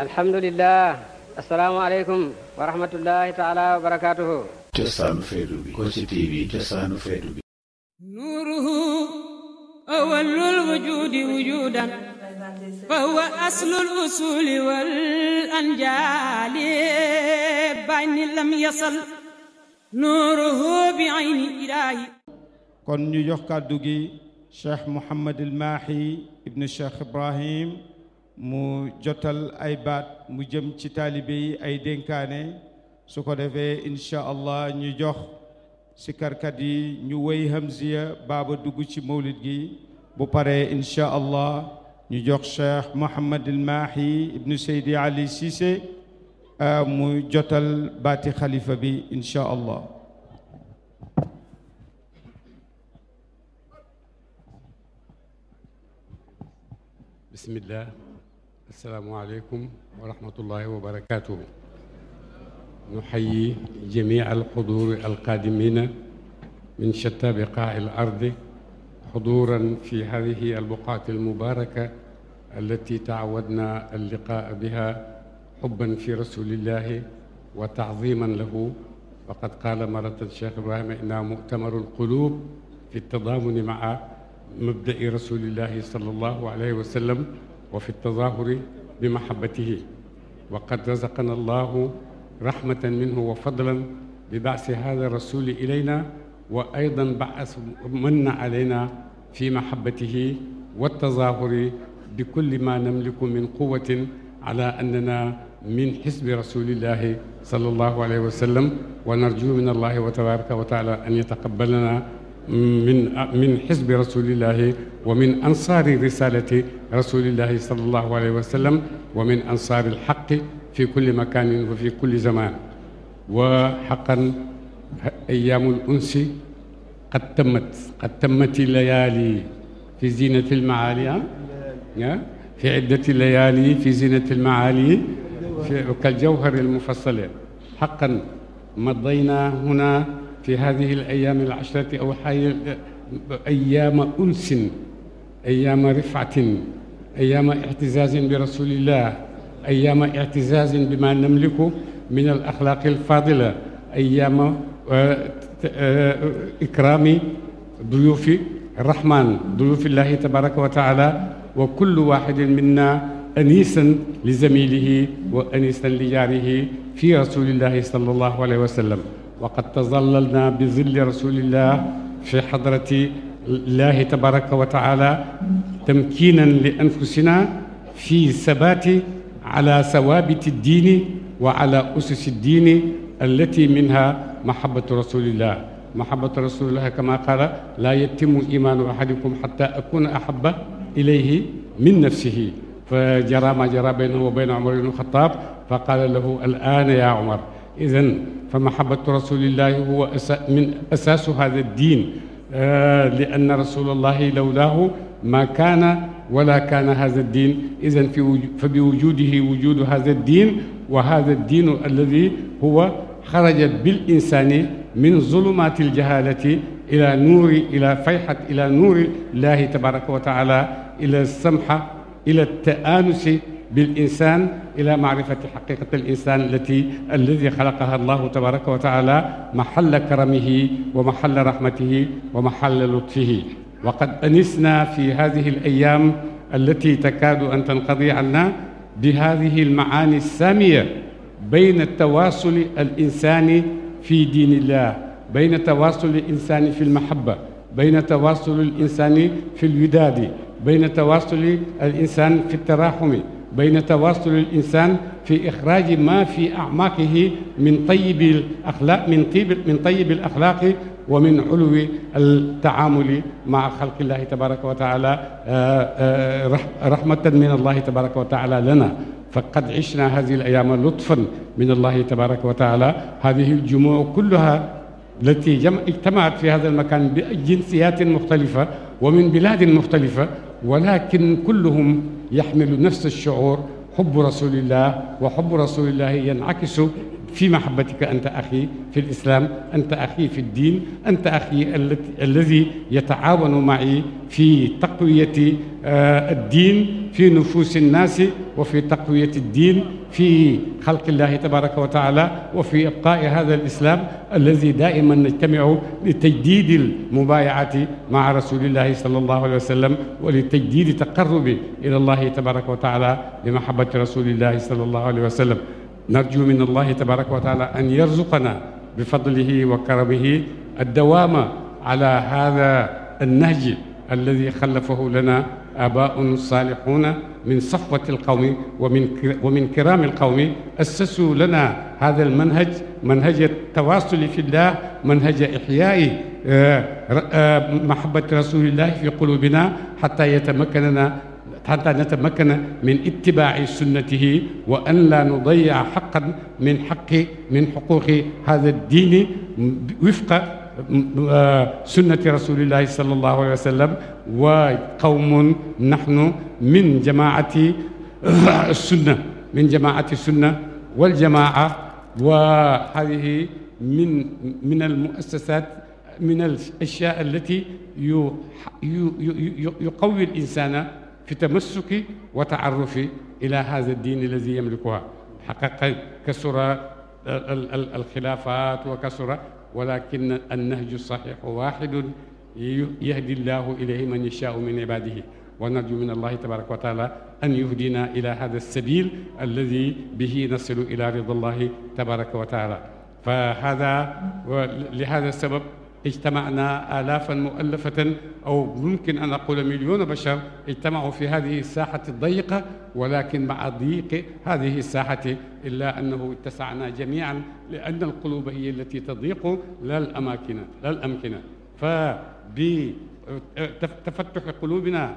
الحمد لله السلام عليكم ورحمة الله تعالى وبركاته جسان فيدوبي كوشي تي في جسان فيدوبي نوره أول الوجود وجودا فهو أصل الأصول والأنجال بين لم يصل نوره بعين إلهي كن يجوك دوغي شيخ محمد الماحي ابن الشيخ إبراهيم mu jotal ay baat mu jëm ci talibé yi ay denkané su ko défé insha allah ñu jox sikarkat yi ñu wéy hamziya baba dugg ci mawlid gi bu paré insha allah ñu jox cheikh mohammed al mahi ibn seydi ali sisse mu jotal baati khalifa bi insha allah بسم الله السلام عليكم ورحمة الله وبركاته نحيي جميع الحضور القادمين من شتى بقاع الأرض حضورا في هذه البقعة المباركة التي تعودنا اللقاء بها حبا في رسول الله وتعظيما له وقد قال مرة الشيخ إبراهيم إنها مؤتمر القلوب في التضامن مع مبدأ رسول الله صلى الله عليه وسلم وفي التظاهر بمحبته وقد رزقنا الله رحمة منه وفضلا ببعث هذا الرسول إلينا وأيضا بعث من علينا في محبته والتظاهر بكل ما نملك من قوة على أننا من حزب رسول الله صلى الله عليه وسلم ونرجو من الله وتبارك وتعالى أن يتقبلنا من من حزب رسول الله ومن أنصار رسالة رسول الله صلى الله عليه وسلم ومن أنصار الحق في كل مكان وفي كل زمان وحقا أيام الأنس قد تمت قد تمت الليالي في زينة المعالي في عدة ليالي في زينة المعالي كالجوهر المفصل حقا مضينا هنا في هذه الأيام العشرة أو أيام أنس أيام رفعة أيام اعتزاز برسول الله أيام اعتزاز بما نملك من الأخلاق الفاضلة أيام آه، آه، إكرام ضيوف الرحمن ضيوف الله تبارك وتعالى وكل واحد منا أنيسا لزميله وأنيسا لجاره في رسول الله صلى الله عليه وسلم وقد تظللنا بظل رسول الله في حضرة الله تبارك وتعالى تمكينا لأنفسنا في ثبات على ثوابت الدين وعلى أسس الدين التي منها محبة رسول الله محبة رسول الله كما قال لا يتم إيمان أحدكم حتى أكون أحب إليه من نفسه فجرى ما جرى بينه وبين عمر بن الخطاب فقال له الآن يا عمر إذا فمحبة رسول الله هو من أساس هذا الدين آه لأن رسول الله لولاه ما كان ولا كان هذا الدين إذا فبوجوده وجود هذا الدين وهذا الدين الذي هو خرج بالإنسان من ظلمات الجهالة إلى نور إلى فيحة إلى نور الله تبارك وتعالى إلى السمحة إلى التآنس بالإنسان إلى معرفة حقيقة الإنسان التي الذي خلقها الله تبارك وتعالى محل كرمه ومحل رحمته ومحل لطفه وقد أنسنا في هذه الأيام التي تكاد أن تنقضي عنا بهذه المعاني السامية بين التواصل الإنساني في دين الله بين تواصل الإنسان في المحبة بين تواصل الإنسان في الوداد بين تواصل الإنسان في التراحم بين تواصل الإنسان في إخراج ما في أعماقه من طيب الأخلاق من طيب من طيب الأخلاق ومن علو التعامل مع خلق الله تبارك وتعالى آه، آه، رحمة من الله تبارك وتعالى لنا فقد عشنا هذه الأيام لطفا من الله تبارك وتعالى هذه الجموع كلها التي اجتمعت في هذا المكان بجنسيات مختلفة ومن بلاد مختلفة ولكن كلهم يحمل نفس الشعور حب رسول الله وحب رسول الله ينعكس في محبتك أنت أخي في الإسلام أنت أخي في الدين أنت أخي الذي يتعاون معي في تقوية آه، الدين في نفوس الناس وفي تقوية الدين في خلق الله تبارك وتعالى وفي إبقاء هذا الإسلام الذي دائما نجتمع لتجديد المبايعة مع رسول الله صلى الله عليه وسلم ولتجديد تقرب إلى الله تبارك وتعالى بمحبة رسول الله صلى الله عليه وسلم نرجو من الله تبارك وتعالى أن يرزقنا بفضله وكرمه الدوام على هذا النهج الذي خلفه لنا آباء صالحون من صفوة القوم ومن ومن كرام القوم أسسوا لنا هذا المنهج منهج التواصل في الله منهج إحياء آه، آه، محبة رسول الله في قلوبنا حتى يتمكننا حتى نتمكن من اتباع سنته وأن لا نضيع حقا من حق من حقوق هذا الدين وفق آه، سنة رسول الله صلى الله عليه وسلم وقوم نحن من جماعة آه، السنة من جماعة السنة والجماعة وهذه من من المؤسسات من الأشياء التي يقوي الإنسان في تمسكي وتعرفي إلى هذا الدين الذي يملكها حقق كسر الخلافات وكسر ولكن النهج الصحيح واحد يهدي الله إليه من يشاء من عباده ونرجو من الله تبارك وتعالى أن يهدينا إلى هذا السبيل الذي به نصل إلى رضا الله تبارك وتعالى فهذا لهذا السبب اجتمعنا آلافا مؤلفة أو ممكن أن أقول مليون بشر اجتمعوا في هذه الساحة الضيقة ولكن مع ضيق هذه الساحة إلا أنه اتسعنا جميعا لأن القلوب هي التي تضيق لا الأماكن لا الأمكنة فبتفتح قلوبنا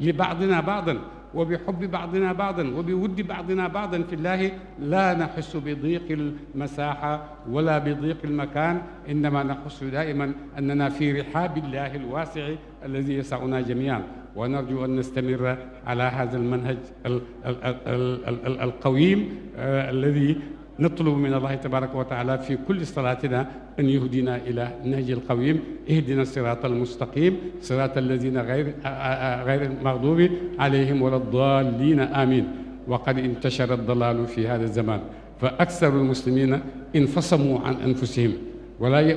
لبعضنا بعضا وبحب بعضنا بعضا وبود بعضنا بعضا في الله لا نحس بضيق المساحة ولا بضيق المكان إنما نحس دائما أننا في رحاب الله الواسع الذي يسعنا جميعا ونرجو أن نستمر على هذا المنهج القويم آه، الذي نطلب من الله تبارك وتعالى في كل صلاتنا أن يهدينا إلى النهج القويم اهدنا الصراط المستقيم صراط الذين غير غير المغضوب عليهم ولا الضالين آمين وقد انتشر الضلال في هذا الزمان فأكثر المسلمين انفصموا عن أنفسهم ولا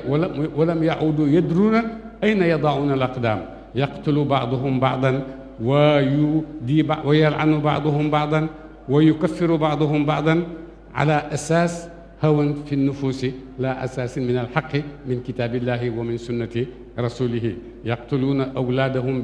ولم يعودوا يدرون أين يضعون الأقدام يقتل بعضهم بعضا ويلعن بعضهم بعضا ويكفر بعضهم بعضا على أساس هوى في النفوس لا أساس من الحق من كتاب الله ومن سنة رسوله يقتلون أولادهم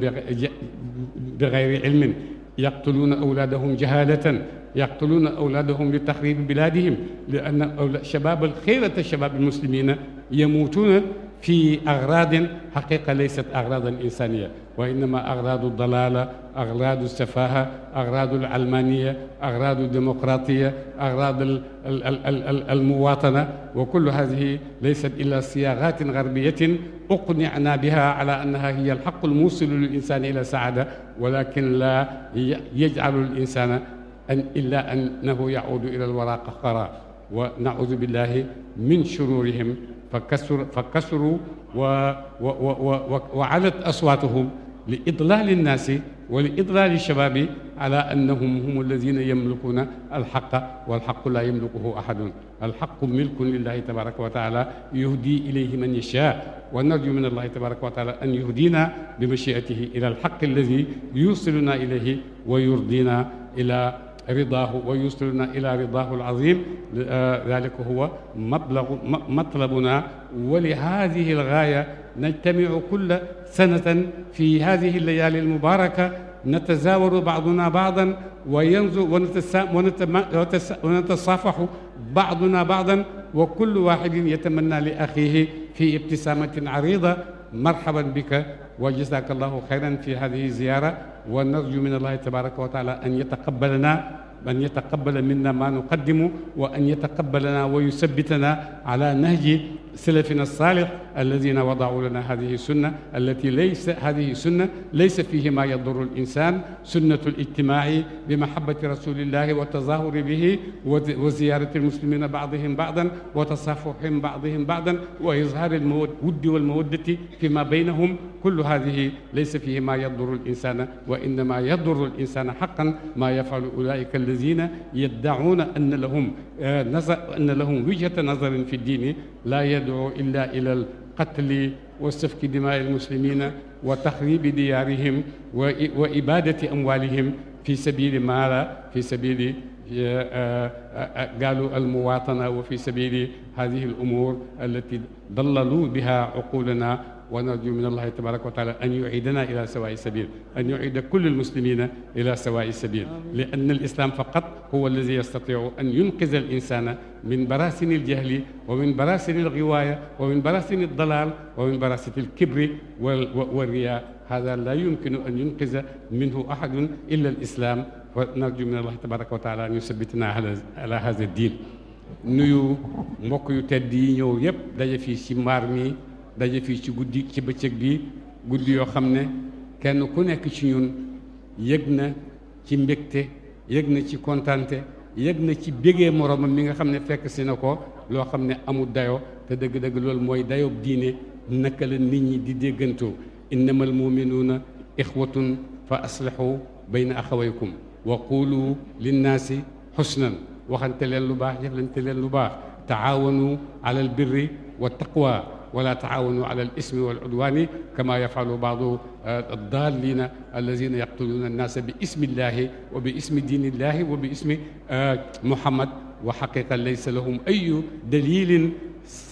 بغير علم يقتلون أولادهم جهالة يقتلون أولادهم لتخريب بلادهم لأن شباب خيرة شباب المسلمين يموتون في أغراض حقيقة ليست أغراضا إنسانية وإنما أغراض الضلالة أغراض السفاهة أغراض العلمانية أغراض الديمقراطية أغراض المواطنة وكل هذه ليست إلا صياغات غربية أقنعنا بها على أنها هي الحق الموصل للإنسان إلى سعادة ولكن لا يجعل الإنسان أن إلا أنه يعود إلى الوراء قرار ونعوذ بالله من شرورهم فكسر فكسروا و و و و وعلت أصواتهم لإضلال الناس ولإضلال الشباب على أنهم هم الذين يملكون الحق والحق لا يملكه أحد الحق ملك لله تبارك وتعالى يهدي إليه من يشاء ونرجو من الله تبارك وتعالى أن يهدينا بمشيئته إلى الحق الذي يوصلنا إليه ويرضينا إلى رضاه ويوصلنا إلى رضاه العظيم آه، ذلك هو مبلغ مطلبنا ولهذه الغاية نجتمع كل سنة في هذه الليالي المباركة نتزاور بعضنا بعضا وينظر ونتصافح بعضنا بعضا وكل واحد يتمنى لأخيه في ابتسامة عريضة مرحبا بك وجزاك الله خيرا في هذه الزيارة ونرجو من الله تبارك وتعالى أن يتقبلنا أن يتقبل منا ما نقدم وأن يتقبلنا ويثبتنا على نهج سلفنا الصالح الذين وضعوا لنا هذه السنة التي ليس هذه السنة ليس فيه ما يضر الإنسان سنة الاجتماع بمحبة رسول الله والتظاهر به وزيارة المسلمين بعضهم بعضا وتصافحهم بعضهم بعضا وإظهار الود والمودة فيما بينهم كل هذه ليس فيه ما يضر الإنسان وإنما يضر الإنسان حقا ما يفعل أولئك الذين الذين يدعون أن لهم آه، نظر أن لهم وجهة نظر في الدين لا يدعو إلا إلى القتل وسفك دماء المسلمين وتخريب ديارهم وإبادة أموالهم في سبيل ماذا؟ في سبيل آه، آه، قالوا المواطنة وفي سبيل هذه الأمور التي ضللوا بها عقولنا ونرجو من الله تبارك وتعالى أن يعيدنا إلى سواء السبيل أن يعيد كل المسلمين إلى سواء السبيل لأن الإسلام فقط هو الذي يستطيع أن ينقذ الإنسان من براسن الجهل ومن براسن الغواية ومن براسن الضلال ومن براسن الكبر والرياء هذا لا يمكن أن ينقذ منه أحد إلا الإسلام ونرجو من الله تبارك وتعالى أن يثبتنا على هذا الدين نيو مكو yu tedd yi ñëw yëpp daje fi ci guddi ci bëccëg bi guddi yo xamné kenn ku nekk ci ñun yegna ci mbékté yegna ci kontante yegna ci bégee morom mi nga xamné fekk ci nako lo xamné amu dayo te dëgg-dëgg lool moy dayo diine naka la nit ñi di déggantoo innamal mu'minuna ikhwatun fa aslihu bayna axawaykum wa qulu linnaasi xusnan waxante leen lu baax jëflante leen lu baax ولا تعاونوا على الإثم والعدوان كما يفعل بعض آه، الضالين الذين يقتلون الناس باسم الله وباسم دين الله وباسم آه، محمد وحقيقة ليس لهم أي دليل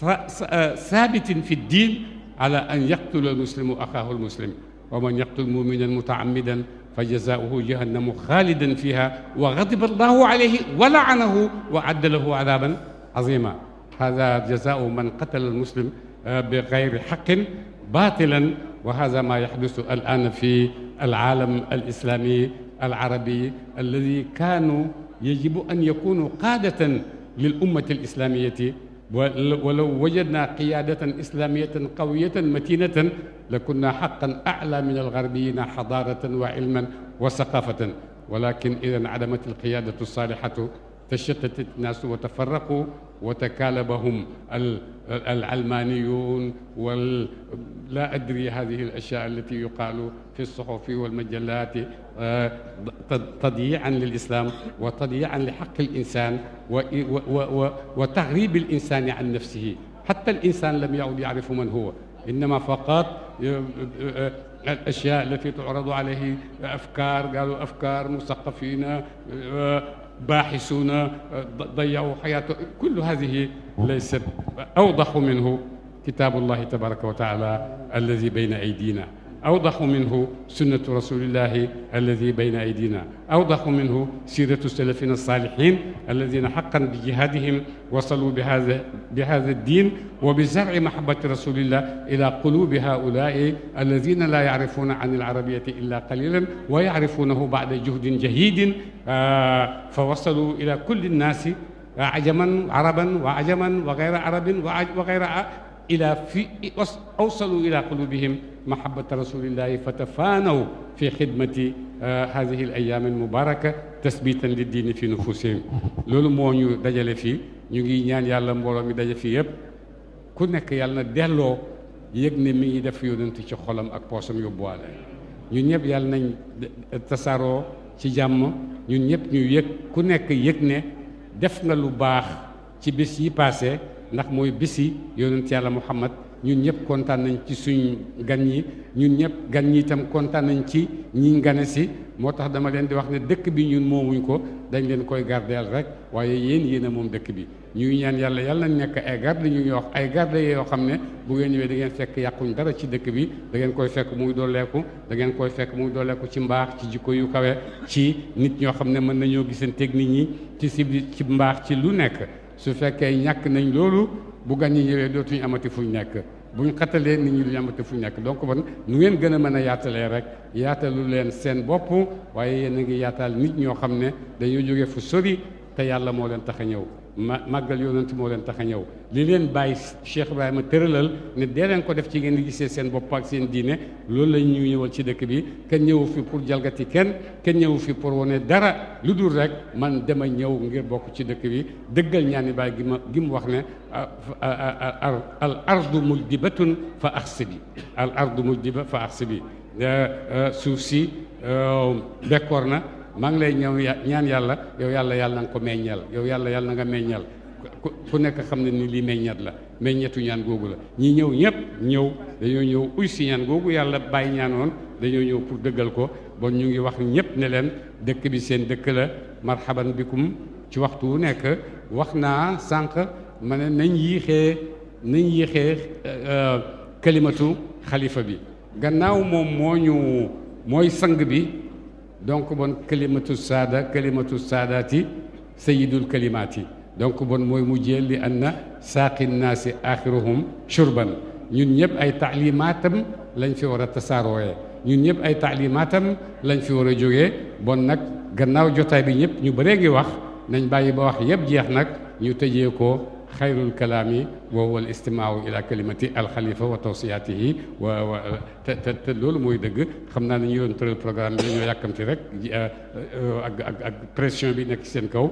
آه، ثابت في الدين على أن يقتل المسلم أخاه المسلم ومن يقتل مؤمنا متعمدا فجزاؤه جهنم خالدا فيها وغضب الله عليه ولعنه وعد له عذابا عظيما هذا جزاء من قتل المسلم آه، بغير حق باطلا وهذا ما يحدث الآن في العالم الإسلامي العربي الذي كانوا يجب أن يكونوا قادة للأمة الإسلامية ولو وجدنا قيادة إسلامية قوية متينة لكنا حقا أعلى من الغربيين حضارة وعلما وثقافة ولكن إذا انعدمت القيادة الصالحة تشتت الناس وتفرقوا وتكالبهم العلمانيون ولا أدري هذه الأشياء التي يقال في الصحف والمجلات آه، تضييعا للإسلام وتضييعا لحق الإنسان وتغريب الإنسان عن نفسه حتى الإنسان لم يعد يعرف من هو إنما فقط آه، آه، الاشياء التي تعرض عليه افكار قالوا افكار مثقفين باحثون آه، ضيعوا حياته كل هذه ليست أوضح منه كتاب الله تبارك وتعالى الذي بين أيدينا أوضح منه سنة رسول الله الذي بين أيدينا أوضح منه سيرة سلفنا الصالحين الذين حقا بجهادهم وصلوا بهذا, بهذا الدين وبزرع محبة رسول الله إلى قلوب هؤلاء الذين لا يعرفون عن العربية إلا قليلا ويعرفونه بعد جهد جهيد آه، فوصلوا إلى كل الناس آه، عجما عربا وعجما وغير عرب وغير إلى في أوصلوا إلى قلوبهم محبة رسول الله فتفانوا في خدمة آه، هذه الأيام المباركة تثبيتا للدين في نفوسهم لولو مو نيو داجال في نيغي نيان يالا مبولو مي داجال في يب كونك يالنا دهلو يجني مي يدف يونت سي خولم اك بوسم يوبوال ني نيب يالنا تسارو سي جام ني نيب نيو يك كونك يغني دفنا لو باخ سي بيسي باسي ناخ موي بيسي يونت يالا محمد ñun ñëpp kontaan nañ ci suñ gan ñi ñun ñëpp gan ñi itam kontaan nañ ci ñi gane si moo tax dama leen di wax ne dëkk bi ñun moomuñu ko dañ leen koy gardeel rek waaye yéen yéen a moom dëkk bi ñuy ñaan yàlla yàlla nañ nekk ay garde ñu ngi wax ay garde yoo xam ne bu ngeen ñëwee da ngeen fekk yàquñ dara ci dëkk bi dangeen koy fekk muy dolleeku da ngeen koy fekk muy dooleeku ci mbaax ci jikko yu kawe ci nit ñoo xam ne mën nañoo giseen technique ñi ci sibli ci mbaax ci lu nekk su fekkee ñàkk nañ loolu bu gan ñi ñëwee dootuñu amati fuñ nekk buñ xatalee nit ñi duñu fu fuñ nekk donc bon nu ngeen gën a mën a yaatalee rek yaatalu leen seen bopp waaye yéen a ngi yaataal nit ñoo xam ne dañoo jóge fu sori te yàlla moo leen tax a ñëw ma màggal yonent moo leen tax a ñëw li leen bàyyi Cheikh ma tëralal ne dee leen ko def ci ngeen gisee seen bopp ak seen diine loolu la ñuy ñëwal ci dëkk bi kenn ñëwu fi pour jalgati kenn kenn ñëwu fi pour wane dara lu dul rek man a ñëw ngir bokk ci dëkk bi dëggal ñaani baay gi ma gi mu wax ne ah, ah, ah, al ardu muldibatun fa axsibi al ardu muldiba fa bi eh, suuf si eh, bekkoor na maa ngi lay ñëw ñaan yàlla yow yàlla yàlla na nga ko meññal yow yàlla yàlla na nga meññal ku nekk xam ne ni lii meññat la meññetu ñaan googu la ñi ñëw ñëpp ñëw dañoo ñëw uy si ñaan googu yàlla bàyyi ñaanoon dañoo ñëw pour dëggal ko bon ñu ngi wax ñëpp ne leen dëkk bi seen dëkk la marhaban bikum ci waxtu wu nekk wax naa sànq ma ne nañ yéexee nañ yéexee euh, euh, kalimatu xalifa bi gannaaw moom moo ñu mooy sang bi donc bon kalimatu saada kalimatu saadaati sayidul kalimaati donc bon mooy mujjee li anna saaqi naasi axiruhum shurban ñun ñëpp ay taalimaatam lañ fi war a tasaarooyee ñun ñëpp ay taalimaatam lañ fi war a jógee bon nag gannaaw jotaay bi ñëpp ñu bëree ngi wax nañ bàyyi ba wax yëpp jeex nag ñu tëjee ko xayrul kalaami wa huwa al istimaau ila kalimati alxalifa wa tawsiyaatihi wa wa te te te loolu mooy dëgg xam naa ne ñu doon tëral programme bi ñoo yàkkamti rek ak ak ak pression bi nekk seen kaw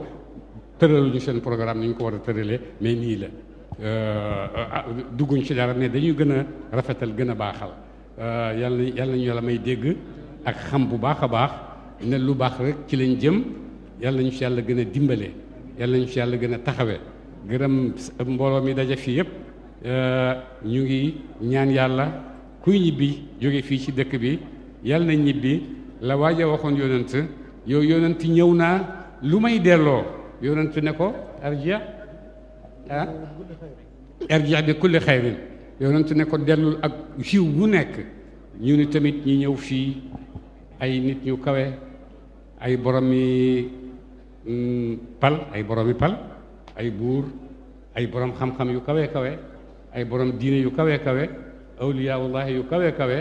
ñu seen programme ni ñu ko war a tëralee mais nii la euh, ah, dugguñ ci dara ne dañuy gën a rafetal gën a baaxal euh, yàlla yàlla nañu yàlla may dégg ak xam bu baax a baax ne lu baax rek ci lañ jëm yàlla nañu si yàlla gën a dimbale yàlla nañu si yàlla gën a taxawe gërëm mbooloo mi daje fii yëpp euh, ñu ngi ñaan yàlla kuy ñibbi jóge fii ci dëkk bi yàlla na ñibbi la waaja waxoon yonent yow yonent ñëw naa lu may delloo يونس نكو ارجع ها ارجع بكل خير يونس نكو دلو اك جيو بو نيك ني ني تاميت ني نيو في اي نيت نيو كاوي اي برامي بال اي برامي بال اي بور اي برام خام خام يو كاوي كاوي اي برام دين يو كاوي كاوي اولياء الله يو كاوي كاوي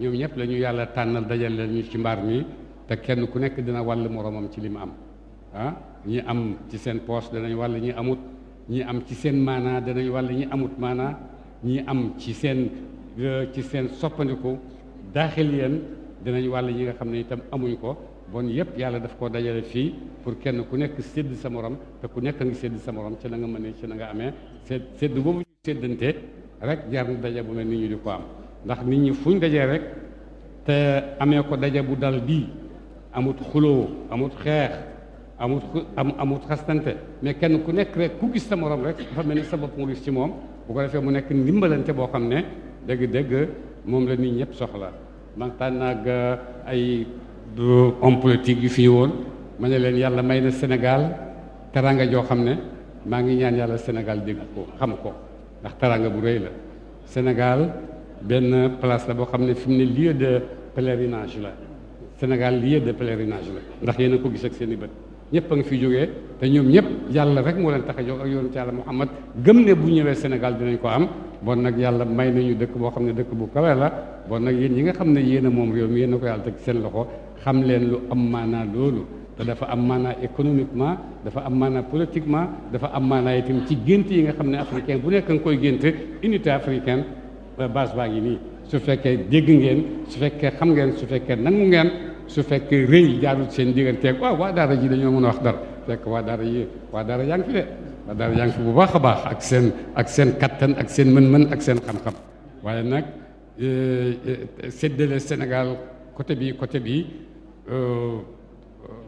نيوم نيب لا نيو يالا تانال داجال لا نيو سي مبار مي تا كين دنا وال موروم ها ñi am ci seen poche danañ wàll ñi amut ñi am ci seen maanaa danañ wàll ñi amut mana ñi am ci seen euh, ci seen soppandiku daaxil yéen danañ wàll ñi nga xam ne itam amuñ ko bon yépp yàlla daf koo dajale fii pour kenn ku nekk sédd sa morom te ku nekk ngi sédd sa morom ci la nga mënee ci la nga amee sédd sédd boobu ñu rek jar na daje bu mel ni ñu di ko am ndax nit ñi fuñ dajee rek te amee ko daje bu dal bii amut xuloo amut xeex amut am xastante mais kenn ku nekk rek ku gis sa morom rek dafa mel ni sa bopp nga gis ci moom bu ko defee mu nekk ndimbalante boo xam ne dëgg-dëgg moom la nit ñëpp soxla waxtaan naag euh, ay homme politique yu fi woon ma ne leen yàlla may na Sénégal taranga joo xam ne maa ngi ñaan yàlla Sénégal dégg ko xam ko ndax taranga bu rëy la Sénégal benn place la boo xam ne fi mu ne lieu de pèlerinage la Sénégal lieu de pèlerinage la ndax yéen a ko gis ak seen i bët ñëpp a ngi fi jógee te ñoom ñëpp yàlla rek moo leen tax a jóg ak yoonu yàlla Muhammad gëm ne bu ñëwee Sénégal dinañ ko am bon nag yàlla may nañu dëkk boo xam ne dëkk bu kawee la bon nag yéen ñi nga xam ne yéen moom réew mi yéen a ko yàlla teg seen loxo xam leen lu am maanaa loolu te dafa am maanaa économiquement dafa am maanaa politiquement dafa am maanaa itam ci gént yi nga xam ne africain bu nekk nga koy gént unité africaine base baa ngi nii su fekkee dégg ngeen su fekkee xam ngeen su fekkee nangu ngeen su fekk rëy jaarut seen digganteeg waaw waa daara ji dañoo mën a wax dara fekk waa daara yi waa daara yaa ngi fi de waa daara yaa fi bu baax a baax ak seen ak seen kattan ak seen mën-mën ak seen xam-xam waaye nag euh, euh, séddale Sénégal côté bi côté bi euh,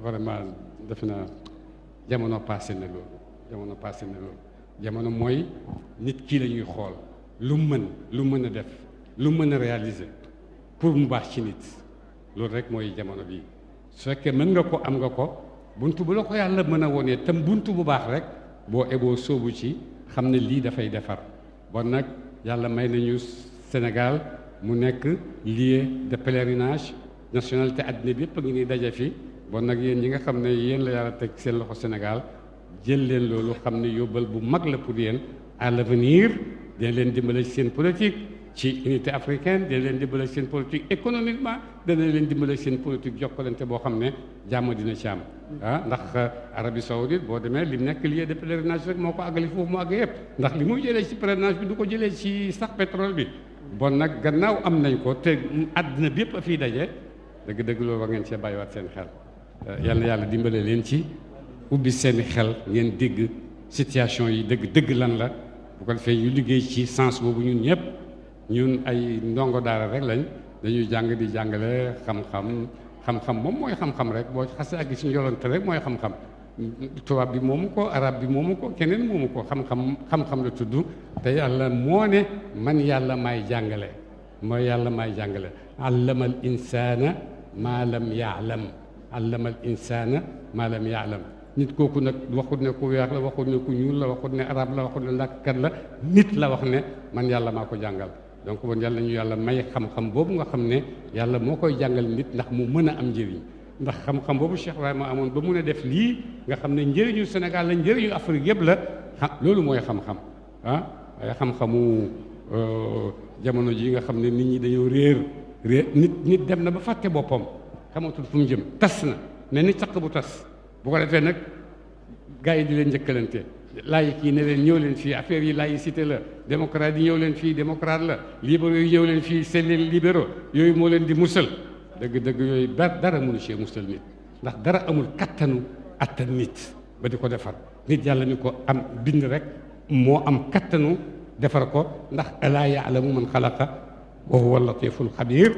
vraiment defe naa jamono passé na loolu jamono passé na loolu jamono mooy nit kii lañuy xool lu mën lu mën a def lu mën a réaliser pour mu baax ci nit loolu rek mooy jamono bi su fekkee mën nga ko am nga ko buntu bu la ko yàlla mën a wonee tam bunt bu baax rek boo eboo soobu ci xam ne lii dafay defar bon nag yàlla may nañu Sénégal mu nekk lieu de pèlerinage nationalité àddina bi yëpp a ngi ni daje fi bon nag yéen ñi nga xam ne yéen la yàlla teg seen loxo Sénégal jël leen loolu xam ne yóbbal bu mag la pour yéen à l'avenir dina leen dimbale si seen politique ci unité africaine dina leen dimbale seen politique économiquement dana leen dimbale seen politique jokkalante boo xam ne jàmm dina ci am ah ndax euh, Arabie Saoudite boo demee lim nekk lié de pèlerinage rek moo ko àggali foofu mu àgg yëpp ndax li muy jëlee ci pèlerinage bi du ko jëlee ci sax pétrole bi bon nag gannaaw am nañ ko te àddina bi yëpp a fiy daje dëgg-dëgg loolu war ngeen see bàyyiwaat seen xel euh, yal na yàlla dimbale leen ci ubbi seen xel ngeen dégg situation yi dëgg dëgg lan la bu ko defee ñu liggéey ci sens boobu ñun ñëpp ñun ay ndongo daara rek lañ dañuy jàng di jàngale xam-xam xam-xam moom mooy xam-xam rek boo xasee ak si njolante rek mooy xam-xam tubaab bi moomu ko arab bi moomu ko keneen moomu ko xam-xam xam la tudd te yàlla moo ne man yàlla maay jàngale mooy yàlla maay jàngale allamal insaana maa lam yaalam allamal insaana maa lam yaalam nit kooku nag waxut ne ku weex la waxut ne ku ñuul la waxut ne arab la waxut ne làkkat la nit la wax ne man yàlla maa ko jàngal donc bon yàlla nañu yàlla may xam-xam boobu nga xam ne yàlla moo koy jàngal nit ndax mu mën a am njëriñ ndax xam-xam boobu Cheikh Ibrahima amoon ba mun a def lii nga xam ne njëriñu Sénégal la njëriñu Afrique yëpp la ah, loolu mooy xam-xam ah xam-xamu euh, jamono ji nga xam ne nit ñi dañoo réer réer nit nit dem na ba fàtte boppam xamatul fu mu jëm tas na mais ni caq bu tas bu ko defee nag gars yi di leen njëkkalante laïc yi ne leen ñëw leen fii affaire yi laïcité la démocrate yi ñëw leen fii démocrate la libéraux yi ñëw leen fii c'est les libéraux yooyu moo leen di musal dëgg-dëgg yooyu dara mënu cee musal nit ndax dara amul kattanu attan nit ba di ko defar nit yàlla mi ko am bind rek moo am kattanu defar ko ndax alaa yaalamu man xalaqa wa huwa latiful xabir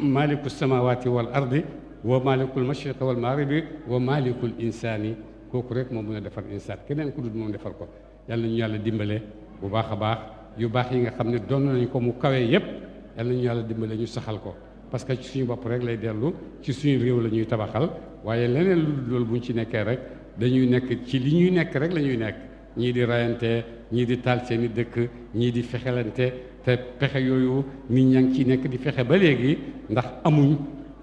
maliku samawati wal ardi wa malikul mashriqi wal maghribi wa malikul insani kooku rek moo mën a defar INSAT keneen ku dul moom defar ko yàlla nañu yàlla dimbale bu baax a baax yu baax yi nga xam ne doon nañ ko mu kawee yépp yàlla nañu yàlla dimbale ñu saxal ko parce que ci suñu bopp rek lay dellu ci suñu réew la ñuy tabaxal waaye leneen lu dul loolu buñ ci nekkee rek dañuy nekk ci li ñuy nekk rek lañuy nekk ñii di rayante ñii di taal seeni dëkk ñii di fexelante te pexe yooyu nit ñaa ngi ciy nekk di fexe ba léegi ndax amuñ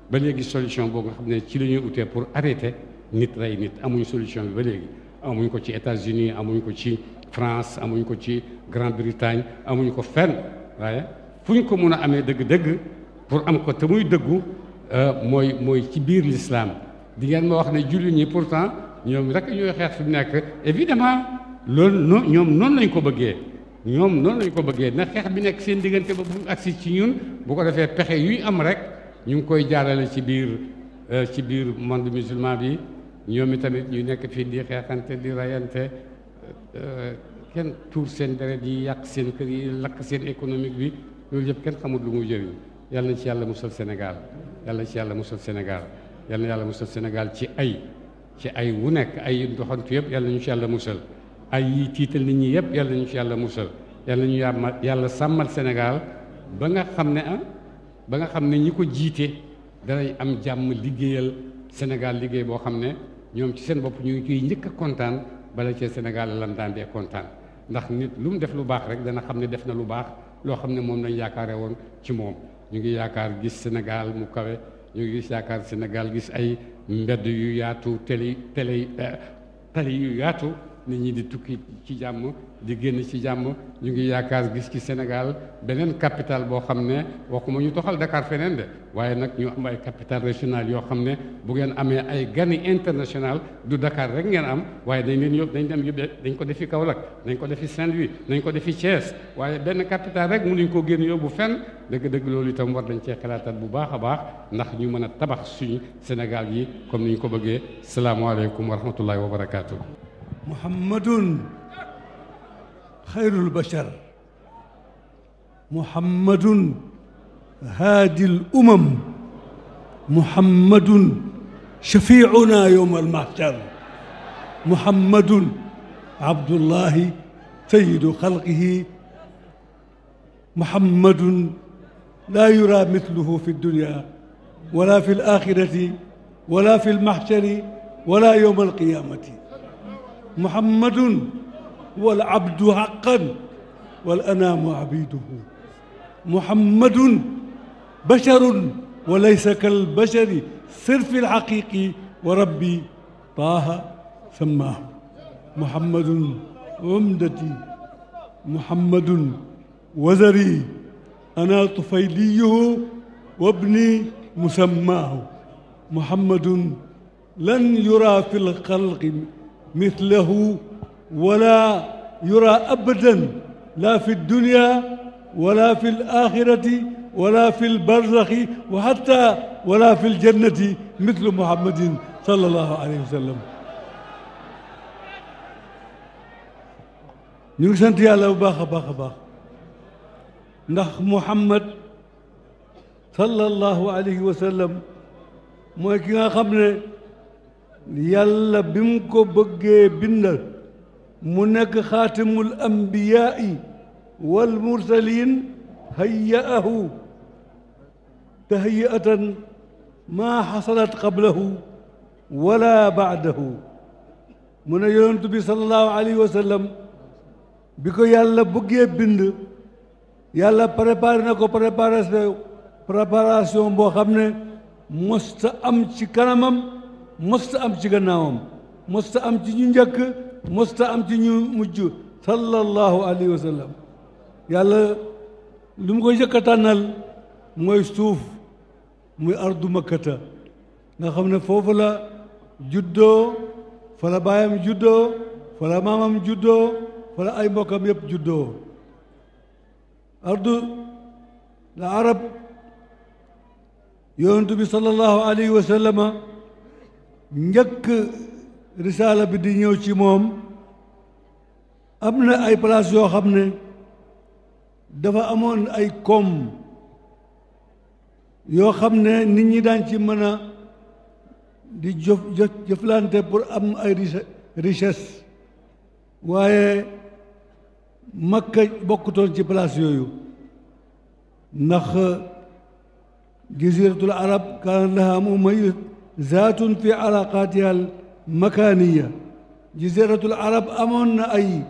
ba léegi solution boo xam ne ci la ñuy utee pour arrêter nit ray nit amuñ solution bi ba léegi amuñ ko ci États-Unis amuñ ko ci France amuñ ko ci Grande-Bretagne amuñ ko fenn waaye fuñ ko mun a amee dëgg-dëgg pour am ko te muy dëggu euh, mooy mooy ci biir l'islam di ngeen ma wax ne jullit ñi pourtant ñoom rek ñooy xeex fi mu nekk évidemment loolu noo ñoom noonu lañ ko bëggee ñoom noonu lañ ko bëggee na xeex bi nekk seen diggante ba bu agsi ci ñun bu ko defee pexe yuy am rek ñu ngi koy jaarale ci biir euh, ci biir monde musulman bi ñoom tamit ñu nekk fii di xeexante di rayante euh, kenn tuur seen deret yi yàq seen kër yi lakk seen économique bi loolu yëpp kenn xamul lu muy jëriñ yàlla na ci yàlla musal Sénégal yàlla na ci yàlla musal Sénégal yàlla na yàlla musal ci ay ci ay wu nekk ay doxantu yëpp yàlla ñu ci musal ay yi tiital nit ñi yëpp yàlla ñu ci yàlla musal yàlla na ñu yàmmal yàlla sàmmal Sénégal ba nga xam ne ah ba nga xam ne ñi ko jiite danañ am jàmm liggéeyal Sénégal liggéey boo xam ne ñoom ci seen bopp ñu ngi ciy njëkk a kontaan bala cee Sénégal lantaan bee kontaan ndax nit lu mu def lu baax rek dana xam ne def na lu baax loo xam ne moom lañ yaakaare woon ci moom ñu ngi yaakaar gis Sénégal mu kawe ñu ngi gis yaakaar Sénégal gis ay mbedd yu yaatu télé télé euh, tali yu yaatu nit di tukki ci jàmm di génn ci jàmm ñu ngi yaakaar gis ci Sénégal beneen capital Dakar de waaye nag ñu am ay capital régional yoo xam ne bu ay international du Dakar rek ngeen am waaye dañ leen yóbbu dañ dem yóbbu dañ ko defi Kaolack dañ ko defi Saint-Louis dañ ko defi Thiès waaye benn capital rek mënuñ génn yóbbu fenn dëgg-dëgg loolu war bu baax ndax ñu tabax suñu Sénégal comme ñu ko bëggee wa محمد خير البشر محمد هادي الأمم محمد شفيعنا يوم المحشر محمد عبد الله سيد خلقه محمد لا يرى مثله في الدنيا ولا في الآخرة ولا في المحشر ولا يوم القيامة محمد والعبد حقا والأنام عبيده محمد بشر وليس كالبشر صرف الحقيقي وربي طه سماه محمد عمدتي محمد وزري أنا طفيليه وابني مسماه محمد لن يرى في الخلق مثله ولا يرى ابدا لا في الدنيا ولا في الاخره ولا في البرزخ وحتى ولا في الجنه مثل محمد صلى الله عليه وسلم نيوسنت يالله باخ باخ باخ نخ محمد صلى الله عليه وسلم موي كيغا خامني يلا بمكو بغي بندل منك خاتم الأنبياء والمرسلين هيأه تهيئة ما حصلت قبله ولا بعده من يونت بي صلى الله عليه وسلم بكو يلا بغي بند يلا بريبار نكو بريبار سيو بريباراسيون بو خمنه مستأم شي كرمم musta am ci gannaawam musta am ci ñu njëkk musta am ci ñu mujj sallallahu alayhi wa sallam yàlla lu mu ko njëkk a tànnal mooy suuf muy ardu makkata nga xam ne foofu la juddoo fa la baayam juddoo fa la maamam juddoo fa la ay mbokkam yëpp juddoo ardu la arab yonentu bi sallallahu alayhi wa sallama njëkk risaala bi di ñëw ci moom am na ay place yoo xam ne dafa amoon ay koom yoo xam ne nit ñi daan ci mën a di jëf jëflante pour am ay rise richesse waaye Makka bokkutoon ci place yooyu ndax jaziratul arab kaana lahaa ذات في علاقاتها المكانية جزيرة العرب أمون أي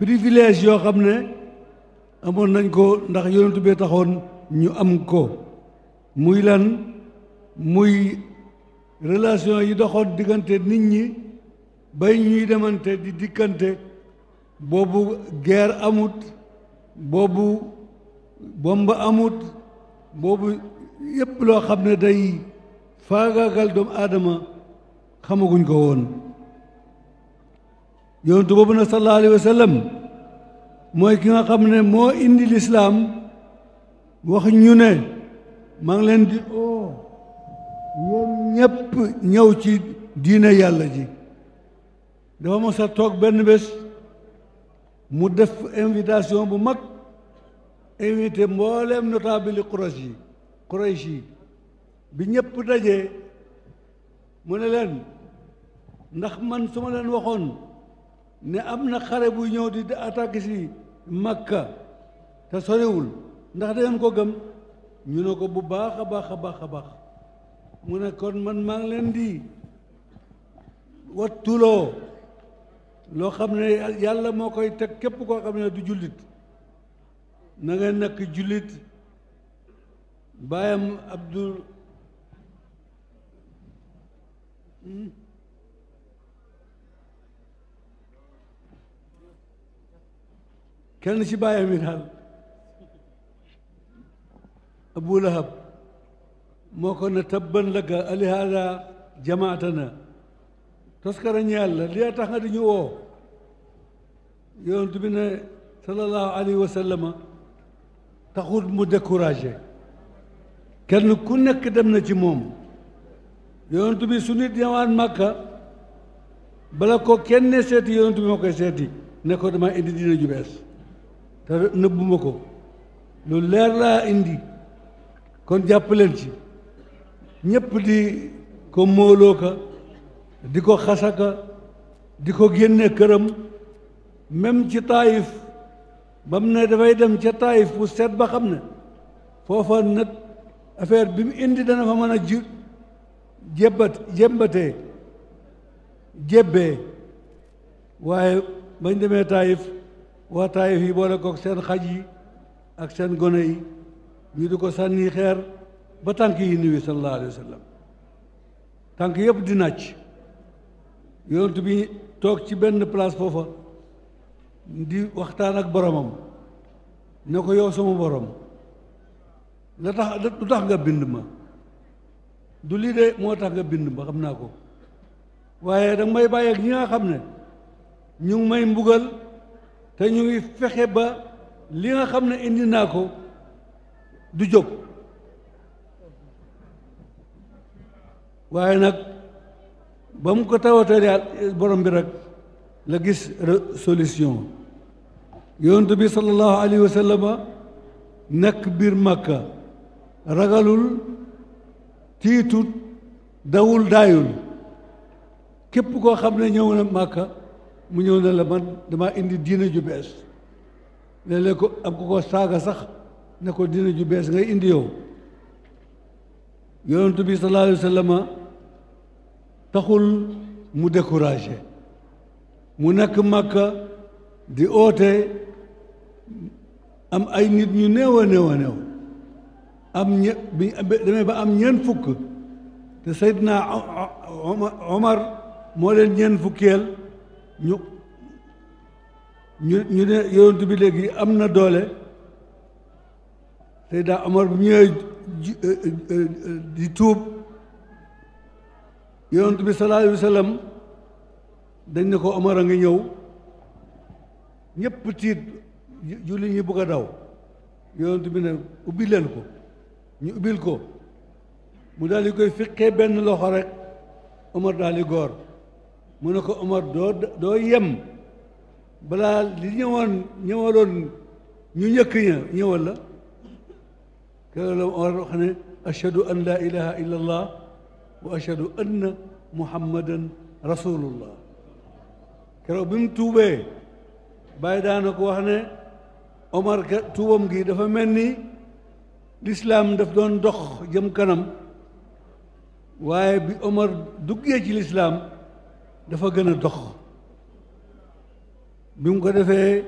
بريفيليج يو خمنا أمون ننكو نخ يونت بيتخون نيو أمكو مويلان موي ريلاسيون يدخون ديغانت نيني باي ني دمانت دي ديغانت بوبو غير أموت بوبو بومبا أموت بوبو يبلو خمنا داي faagaagal doomu aadama xamaguñ ko woon yonentu boobu nag sallallahu alayhi mooy ki nga xam ne moo indi lislaam wax ñu ne maa ngi leen di oo yéen ñépp ñëw ci diine yàlla ji dafa mos toog benn bés mu def invitation bu mag invité mbooleem notable yi Quraysh yi bi ñepp dajé mu ne len ndax man suma len waxon ne am na xare buy di attaque si Makka te soriwul ndax da ngeen ko gëm ñu ne ko bu baaxa baaxa baaxa baax mu ne kon man ma ngi len di wattulo lo xamne ne mo koy tek kep ko xamne du julit na ngeen nak julit bayam Abdul كان شبايا من هل أبو لهب ما كنا تبا لك ألي هذا جماعتنا تذكر أن يالا ليه تخد نيوه يوم صلى الله عليه وسلم تقول مدكوراجي كوراجي كان كنا كدمنا جموم yonent bi su nit ñëwaan bala ko kenn seeti yonent bi ma koy seeti ne ko dama indi dina ju bees te nëbbuma ko lu leer laa indi kon jàpp ci ñépp di ko móolooka di ko xasaka di ko génne këram même ci taayif ba mu ne dafay dem ca taayif bu seet ba xam ne foofa nag affaire bi mu indi dana fa mën a ji jébbat jébbatee jébbee waaye bañ demee taayif waa taayif yi boole kook seen xaj yi ak seen gone yi ñu di ko sànni xeer ba tànk yi nuyu sallallahu alayhi wa sallam tànk yépp di nàcc yonent bi toog ci benn place foofa di waxtaan ak boromam ne ko yow sama borom la tax lu tax nga bind ma du lii de moo tax nga bind ma xam naa ko waaye danga may bàyyi ak ñi nga xam ne ñu ngi may mbugal te ñu ngi fexe ba li nga xam ne indi naa ko du jóg waaye nag ba mu ko tawatalee borom bi rek la gis solution yonent bi sallallahu alayhi wa nekk biir màkka ragalul tiitut dawul daayul képp koo xam ne ñëw na màkka mu ñëw na la man dama indi diina ju bees léeg ko am ko ko saaga sax ne ko diina ju bees ngay indi yow yonentu bi sallallahu alayhi taxul mu découragé mu nekk màkka di oote am ay nit ñu néew a néew am ñe bi demee ba am ñeent fukk te Seydina Omar moo leen ñeent fukkeel ñu ñu ñu ne yonent bi léegi am na doole Seydina Omar bu ñëwee eh, eh, eh, di tuub yonent bi sallallahu dañ ne ko Omar a ngi ñëw ñëpp tiit julli ñi bugg daw yonent bi ne ubbi leen ko يقبل كو مدالي كو يفكي بين لوخرك عمر دالي غور منكو عمر دو دو يم بلا لي نيوان نيوالون ني نيك ني نيوال لا كلو عمر خني اشهد ان لا اله الا الله واشهد ان محمدا رسول الله كرو بيم توبه بايدانكو وخني عمر توبم غي دا فا ملني lislaam daf doon dox jëm kanam waaye bi Omar duggee ci lislaam dafa gën a dox bi mu ko defee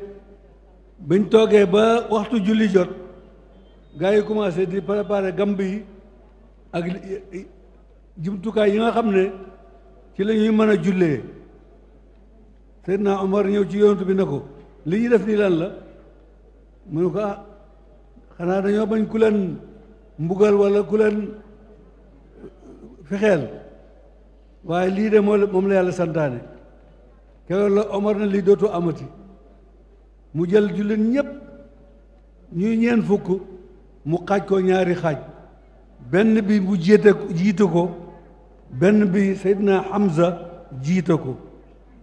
biñ toogee ba waxtu julli jot gars yi commencé di préparer gamb yi ak jumtukaay yi nga xam ne ci la ñuy mën a jullee Seydina Omar ñëw ci yonent bi ne ko li ñu def nii lan la mu ko ah xanaa dañoo bañ ku mbugal walla ku leen fexeel waaye lii de moo moom la yàlla santaane keroog la Omar na lii dootu amati mu jël jullit ñépp ñuy ñeen fukk mu xaj ko ñaari xaaj benn bi mu jiite jiite ko benn bi Seydina Hamza jiite ko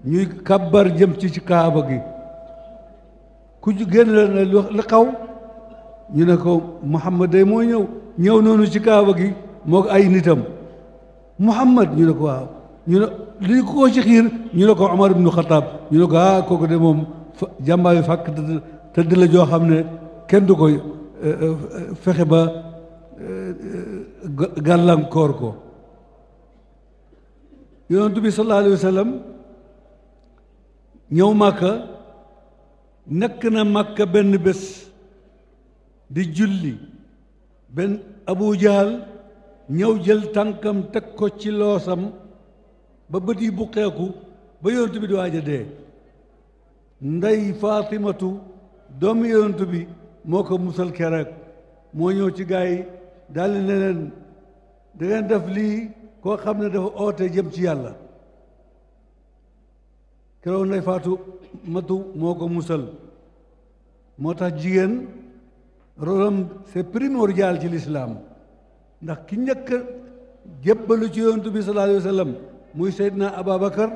ñuy kabbar jëm ci ci kaaba gi ku génn la lu xaw ñu ne ko Muhammad day mooy ñëw ñëw noonu ci kaaba gi moo ay nitam Muhammad ñu ne ko waaw ñu ne li ko ci xiir ñu ne ko Omar ibnu Xataab ñu ne ko ah kooku de moom jàmbaayu fàkk tëdd la joo xam ne kenn du ko eh, eh, fexe ba eh, gàllankoor ko yonent bi sallallahu alayhi wa ñëw màkka nekk na màkka benn bés di julli ben abu jaal ñëw jël tànkam teg ko ci loosam ba bët yi buqeeku ba yonent bi di waaj a dee ndey faatimatu doomu yonent bi moo ko musal keroog moo ñëw ci gaay yi daldi ne leen da def lii koo xam ne dafa oote jëm ci yàlla keroog ndey faatu matu moo ko musal moo tax jigéen رغم سبرين ورجال جل الإسلام نكين يكر جبل جيون تبي صلى الله عليه وسلم موي سيدنا أبا بكر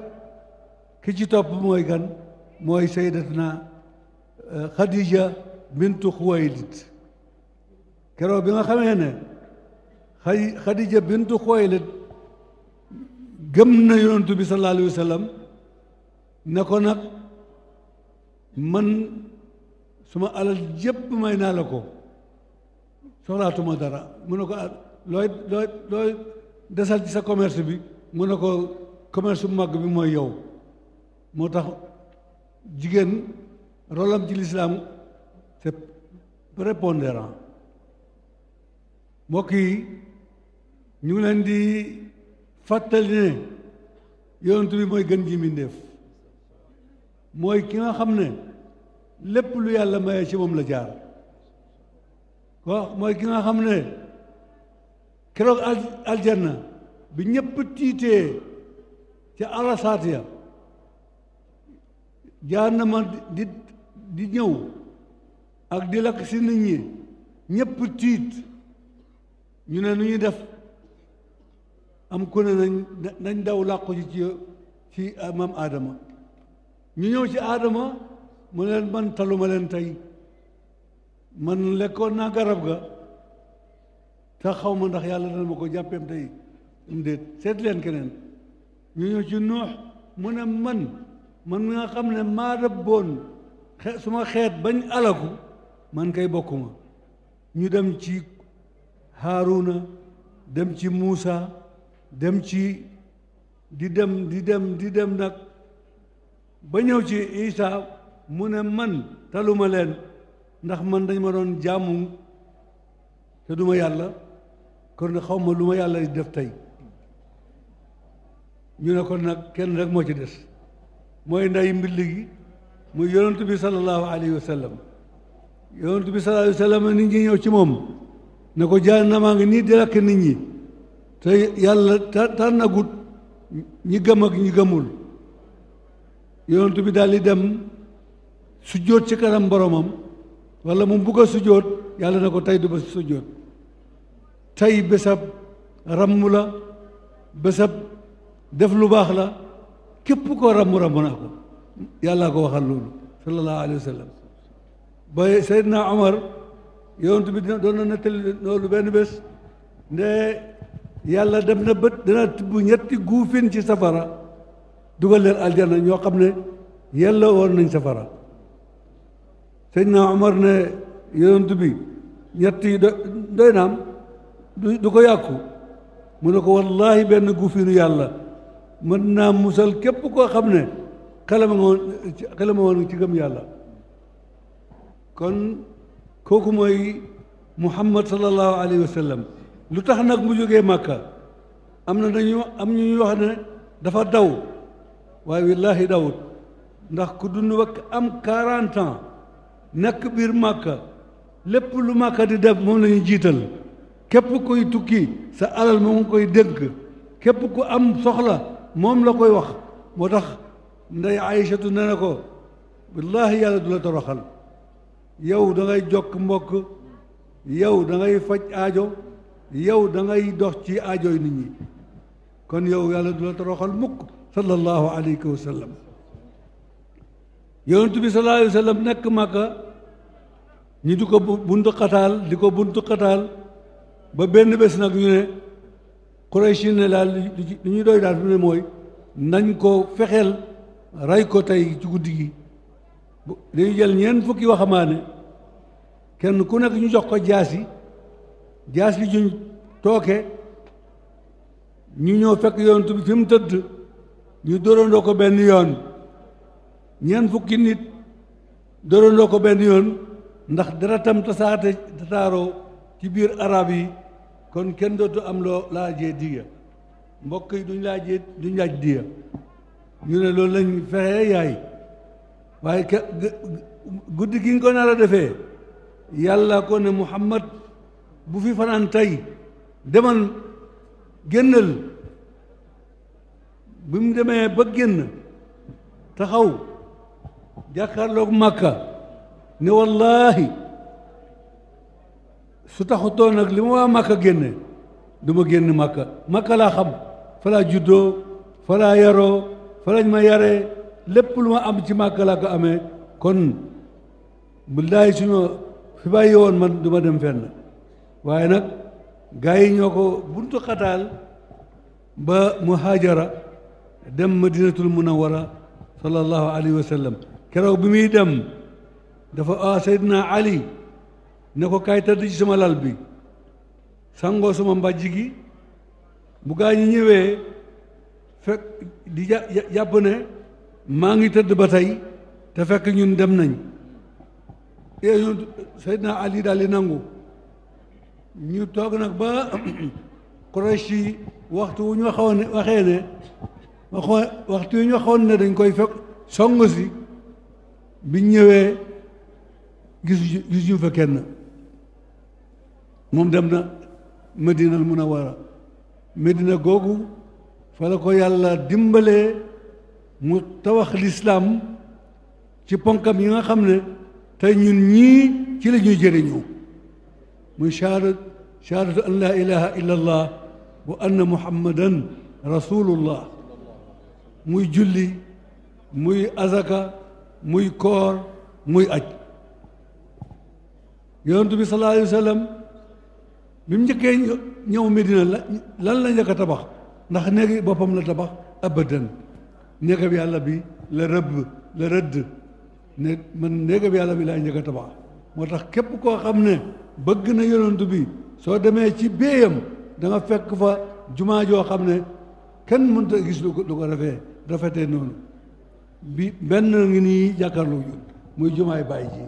كي توب موي كان موي سيدتنا آه، خديجة بنت خويلد كرو بما خمينة خديجة بنت خويلد جمنا يون تبي صلى الله عليه وسلم نكونك من suma alal yëpp may naa la ko soxlaatuma dara mu ne ko ah, looy looy looy desal ci sa commerce bi mu ne ko commerce bu mag bi mooy yow moo tax jigéen rolam ci lislaam c'est prépondérant mbokk yi ñu ngi leen di fàttali ne yonent bi mooy gën ji mbindéef mooy ki nga xam ne lépp lu yàlla maye ci moom la jaar ko mooy ki nga xam ne keroog aljanna bi ñëpp tiitee ca alasaat ya jaar na ma di ñëw ak di lakk si nit ñi ñëpp tiit ñu ne nu ñuy def am ku ne nañ nañ daw làqu ci ci maam aadama ñu ñëw ci aadama mu leen man taluma leen tey man lekkoon naa garab ga te xaw ma ndax yàlla dana ma ko jàppeem tey um déet seet leen keneen ñu ñëw ci nuux mu ne man man mi nga xam ne maa rëbboon suma xeet bañ alaku man kay bokkuma ñu dem ci haaruna dem ci muusa dem ci di dem di dem di dem nag ba ñëw ci isa mu ne man taluma leen ndax man dañ ma doon jaamu te ma yàlla kon xaw ma lu ma yàlla di def tey ñu ne kon nag kenn rek moo ci des mooy nday mbill gi muy yonent bi sallallahu alayhi wa sallam yonent bi sallallahu alayhi wa sallam nit ñi ñëw ci moom ne ko jaar na ngi nii di lakk nit ñi te yàlla tànnagut ñi gëm ak ñi gëmul yonent bi daal di dem sujjóot ci kanam boromam wala mu bugg a sujjóot yàlla na ko tey du ba sujjóot tey bésab ramm la bésab def lu baax la képp koo rammu ramm naa ko yàllaa ko waxal loolu sallallahu alayhi wa sallam ba Seydina Omar bi doon na nettali loolu benn bés ne yalla dem na bët dana tibb ñetti guufin ci safara dugal leen aljana ñoo xam ne yàlla woon nañ safara Seydina Omar ne yonent bi ñett doy naam du ko yàkku mu ne ko wallaahi benn gufinu yàlla mën naa musal képp koo xam ne xelama woon ci gëm yàlla kon kooku mooy muhammad sallallahu alayhi wa sallam lu tax nag mu jógee màkka am na dañu am ñu wax ne dafa daw waaye wallaahi dawut ndax ku dund ba am quarante ans nekk biir màkka lépp lu màkka di def moom la ñu jiital koy tukki sa alal moo koy dénk képp ku am soxla moom la koy wax moo tax nday aïchatu ne na ko wallaahi yàlla du toroxal yow da ngay jokk mbokk yow da ngay faj aajo yow da ngay dox ci aajoy nit ñi kon yow yàlla du toroxal mukk sallallahu alayhi wa sallam yonent bi sallallahu alayhi wa sallam nekk Makka ñi di ko buntu xataal di ko buntu xataal ba benn bés nag ñu ne Qurayshi ne daal li ñu doy daal fi ne mooy nañ ko fexeel rey ko tey ci guddi gi dañu jël ñeen fukki waxambaane kenn ku nekk ñu jox ko jaas yi jaas yi juñ tooke ñu ñëw fekk yonent bi fi mu tëdd ñu dóorandoo ko benn yoon ñeent fukki nit dóorandoo ko benn yoon ndax deretam tasaate tasaaroo ci biir arab yi kon kenn dootu am loo laajee diya mbokk yi duñ laajee duñ laaj diya ñu ne loolu lañ fexee yaay waaye ke guddi gi nga ko nar a defee yàlla ko ne muhammad bu fi fanaan tey demal génnal bi mu demee ba génn taxaw jàkkaarloog màkka ne wallaahi su taxutoo nag li ma waa màkka génne du ma génn màkka màkka laa xam fa laa juddoo fa yaroo fa ma yaree lépp lu ma am ci màkka laa ko amee kon billaahi suñu fi bàyyi woon man du ma dem fenn waaye nag gaa ñoo ko buntu xataal ba mu haajara dem madinatul munawwara sallallahu alayhi wa sallam keroog bi muy dem dafa a Seydina Ali ne ko kaay tëdd ci sama lal bi sangoo suma mbàjj gi bu gaa ñi ñëwee fekk di jàpp ne maa ngi tëdd ba tey te fekk ñun dem nañ ñun Seydina Ali daldi nangu ñu toog nag ba Quraysh yi waxtu wu ñu waxoon waxee ne waxtu wu ñu waxoon ne dañ koy fekk song si biñ ñëwee gis gis ñu fa kenn moom dem na madinal munawara madina googu fa la ko yàlla dimbalee mu tawax lislaam ci ponkam yi nga xam ne tey ñun ñii ci la ñuy jëriñu muy shahaadat shahadatu an laa ilaha illa allah wa anna muhammadan rasulullah muy julli muy azaka muy koor muy aj yonent bi sallallahu alayhi wa sallam bi mu njëkkee ñëw Medina lan la njëkk a tabax ndax néegi boppam la tabax abadan bi yàlla bi la rëbb la rëdd ne man néegab yàlla bi laay njëkk a tabax moo tax képp koo xam ne bëgg na yonent bi soo demee ci béyam da nga fekk fa jumaa joo xam ne kenn mënta gis lu ko lu ko rafee rafetee noonu bi benn ngi nii jàkkaarloo muy jumaay bàyyi ji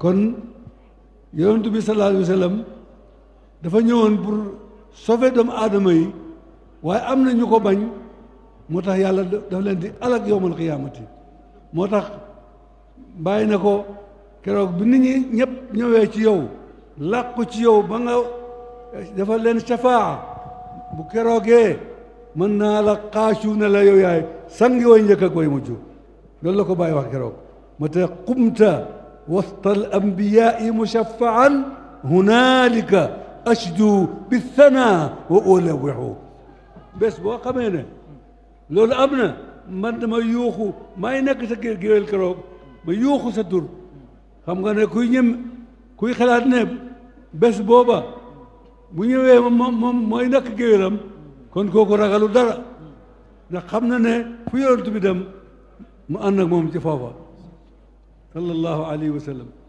kon yonent bi sallallahu dafa ñëwoon pour sauver doomu aadama yi waaye am na ñu ko bañ moo tax yàlla dafa leen di alak yowmal xiyaamati moo tax bàyyi na ko keroog bi nit ñi ñëpp ñëwee ci yow làqu ci yow ba nga dafa leen safaa bu keroogee mën naa la xaacu ne la yow yaay sangi way njëkk koy mu mujj بيقول لكم بقى يفكركم متى قمت وسط الأنبياء مشفعا هنالك أشدو بالثنى وألوحه بس بو مينة لو الأمنة من ما يوخو ما ينك سكير جيل كروب ما يوخو سدور هم غنى كوي نيم كوي خلاد نيب بس بوبا bu ñëwee moom mooy ما ينك kon kooku ragalu dara ndax xam na ne فيو yonent bi dem مؤنق مهم تفاوض صلى الله عليه وسلم